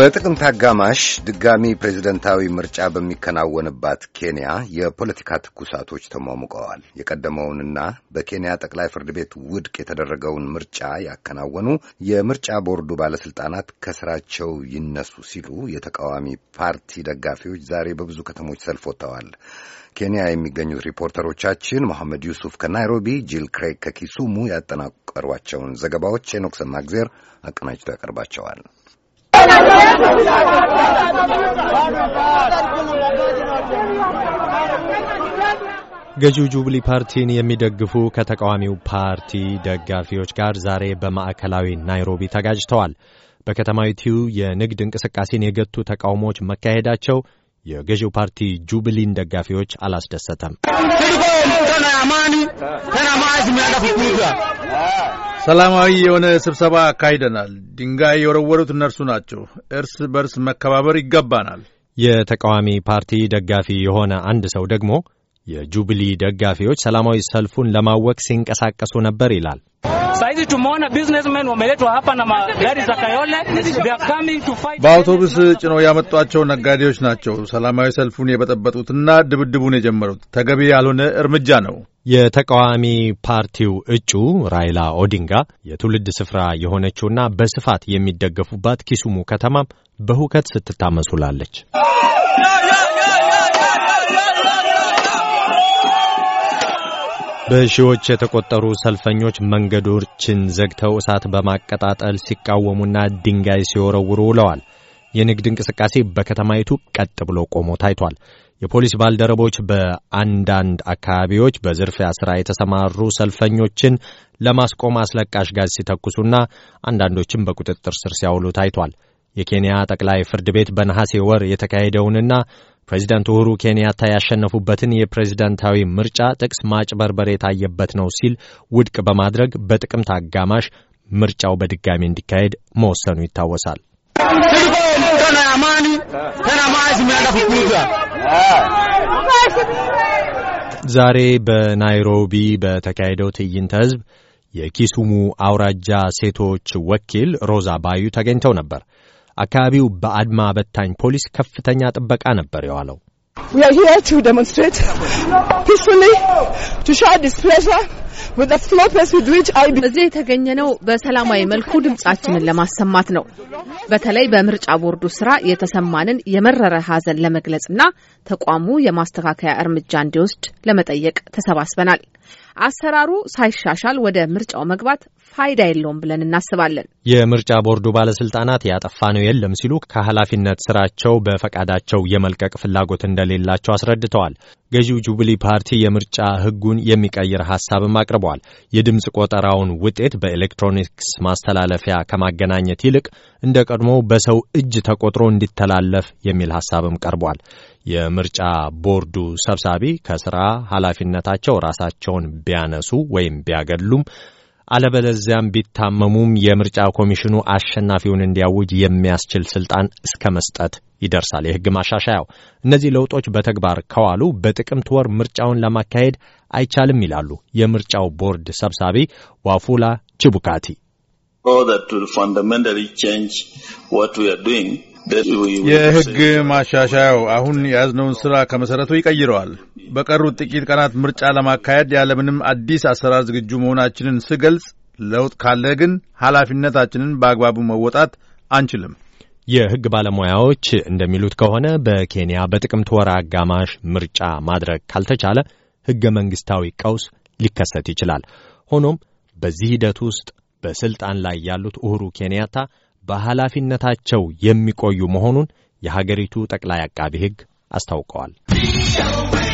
በጥቅምት አጋማሽ ድጋሚ ፕሬዝደንታዊ ምርጫ በሚከናወንባት ኬንያ የፖለቲካ ትኩሳቶች ተሟሙቀዋል። የቀደመውንና በኬንያ ጠቅላይ ፍርድ ቤት ውድቅ የተደረገውን ምርጫ ያከናወኑ የምርጫ ቦርዱ ባለስልጣናት ከስራቸው ይነሱ ሲሉ የተቃዋሚ ፓርቲ ደጋፊዎች ዛሬ በብዙ ከተሞች ሰልፍ ወጥተዋል። ኬንያ የሚገኙት ሪፖርተሮቻችን መሐመድ ዩሱፍ ከናይሮቢ፣ ጂል ክሬግ ከኪሱሙ ያጠናቀሯቸውን ዘገባዎች ሄኖክ ሰማግዜር አቀናጅቶ ያቀርባቸዋል። ገዢው ጁብሊ ፓርቲን የሚደግፉ ከተቃዋሚው ፓርቲ ደጋፊዎች ጋር ዛሬ በማዕከላዊ ናይሮቢ ተጋጅተዋል። በከተማዊቱ የንግድ እንቅስቃሴን የገቱ ተቃውሞዎች መካሄዳቸው የገዢው ፓርቲ ጁብሊን ደጋፊዎች አላስደሰተም። ሰላማዊ የሆነ ስብሰባ አካሂደናል። ድንጋይ የወረወሩት እነርሱ ናቸው። እርስ በርስ መከባበር ይገባናል። የተቃዋሚ ፓርቲ ደጋፊ የሆነ አንድ ሰው ደግሞ የጁብሊ ደጋፊዎች ሰላማዊ ሰልፉን ለማወቅ ሲንቀሳቀሱ ነበር ይላል። ሳይዚ ሀፓ ና ማጋሪ በአውቶቡስ ጭነው ያመጧቸው ነጋዴዎች ናቸው ሰላማዊ ሰልፉን የበጠበጡትና ድብድቡን የጀመሩት። ተገቢ ያልሆነ እርምጃ ነው። የተቃዋሚ ፓርቲው እጩ ራይላ ኦዲንጋ የትውልድ ስፍራ የሆነችውና በስፋት የሚደገፉባት ኪሱሙ ከተማም በሁከት ስትታመስ ውላለች። በሺዎች የተቆጠሩ ሰልፈኞች መንገዶችን ዘግተው እሳት በማቀጣጠል ሲቃወሙና ድንጋይ ሲወረውሩ ውለዋል። የንግድ እንቅስቃሴ በከተማይቱ ቀጥ ብሎ ቆሞ ታይቷል። የፖሊስ ባልደረቦች በአንዳንድ አካባቢዎች በዝርፊያ ሥራ የተሰማሩ ሰልፈኞችን ለማስቆም አስለቃሽ ጋዝ ሲተኩሱና አንዳንዶችም በቁጥጥር ስር ሲያውሉ ታይቷል። የኬንያ ጠቅላይ ፍርድ ቤት በነሐሴ ወር የተካሄደውንና ፕሬዚደንት ኡሁሩ ኬንያታ ያሸነፉበትን የፕሬዚደንታዊ ምርጫ ጥቅስ ማጭበርበር የታየበት ነው ሲል ውድቅ በማድረግ በጥቅምት አጋማሽ ምርጫው በድጋሚ እንዲካሄድ መወሰኑ ይታወሳል። amani tena maji kukuza ዛሬ በናይሮቢ በተካሄደው ትዕይንተ ህዝብ የኪሱሙ አውራጃ ሴቶች ወኪል ሮዛ ባዩ ተገኝተው ነበር። አካባቢው በአድማ በታኝ ፖሊስ ከፍተኛ ጥበቃ ነበር የዋለው። እዚህ የተገኘነው በሰላማዊ መልኩ ድምጻችንን ለማሰማት ነው። በተለይ በምርጫ ቦርዱ ስራ የተሰማንን የመረረ ሐዘን ለመግለጽና ተቋሙ የማስተካከያ እርምጃ እንዲወስድ ለመጠየቅ ተሰባስበናል። አሰራሩ ሳይሻሻል ወደ ምርጫው መግባት ፋይዳ የለውም ብለን እናስባለን። የምርጫ ቦርዱ ባለስልጣናት ያጠፋነው የለም ሲሉ ከኃላፊነት ስራቸው በፈቃዳቸው የመልቀቅ ፍላጎት እንደሌላቸው አስረድተዋል። ገዢው ጁብሊ ፓርቲ የምርጫ ሕጉን የሚቀይር ሀሳብም አቅርቧል። የድምፅ ቆጠራውን ውጤት በኤሌክትሮኒክስ ማስተላለፊያ ከማገናኘት ይልቅ እንደ ቀድሞው በሰው እጅ ተቆጥሮ እንዲተላለፍ የሚል ሀሳብም ቀርቧል። የምርጫ ቦርዱ ሰብሳቢ ከስራ ኃላፊነታቸው ራሳቸውን ቢያነሱ ወይም ቢያገሉም አለበለዚያም ቢታመሙም የምርጫ ኮሚሽኑ አሸናፊውን እንዲያውጅ የሚያስችል ስልጣን እስከ መስጠት ይደርሳል። የሕግ ማሻሻያው እነዚህ ለውጦች በተግባር ከዋሉ በጥቅምት ወር ምርጫውን ለማካሄድ አይቻልም ይላሉ የምርጫው ቦርድ ሰብሳቢ ዋፉላ ችቡካቲ የህግ ማሻሻያው አሁን የያዝነውን ስራ ከመሰረቱ ይቀይረዋል። በቀሩት ጥቂት ቀናት ምርጫ ለማካሄድ ያለምንም አዲስ አሰራር ዝግጁ መሆናችንን ስገልጽ፣ ለውጥ ካለ ግን ኃላፊነታችንን በአግባቡ መወጣት አንችልም። የህግ ባለሙያዎች እንደሚሉት ከሆነ በኬንያ በጥቅምት ወር አጋማሽ ምርጫ ማድረግ ካልተቻለ ህገ መንግሥታዊ ቀውስ ሊከሰት ይችላል። ሆኖም በዚህ ሂደት ውስጥ በስልጣን ላይ ያሉት ኡሁሩ ኬንያታ በኃላፊነታቸው የሚቆዩ መሆኑን የሀገሪቱ ጠቅላይ አቃቢ ሕግ አስታውቀዋል።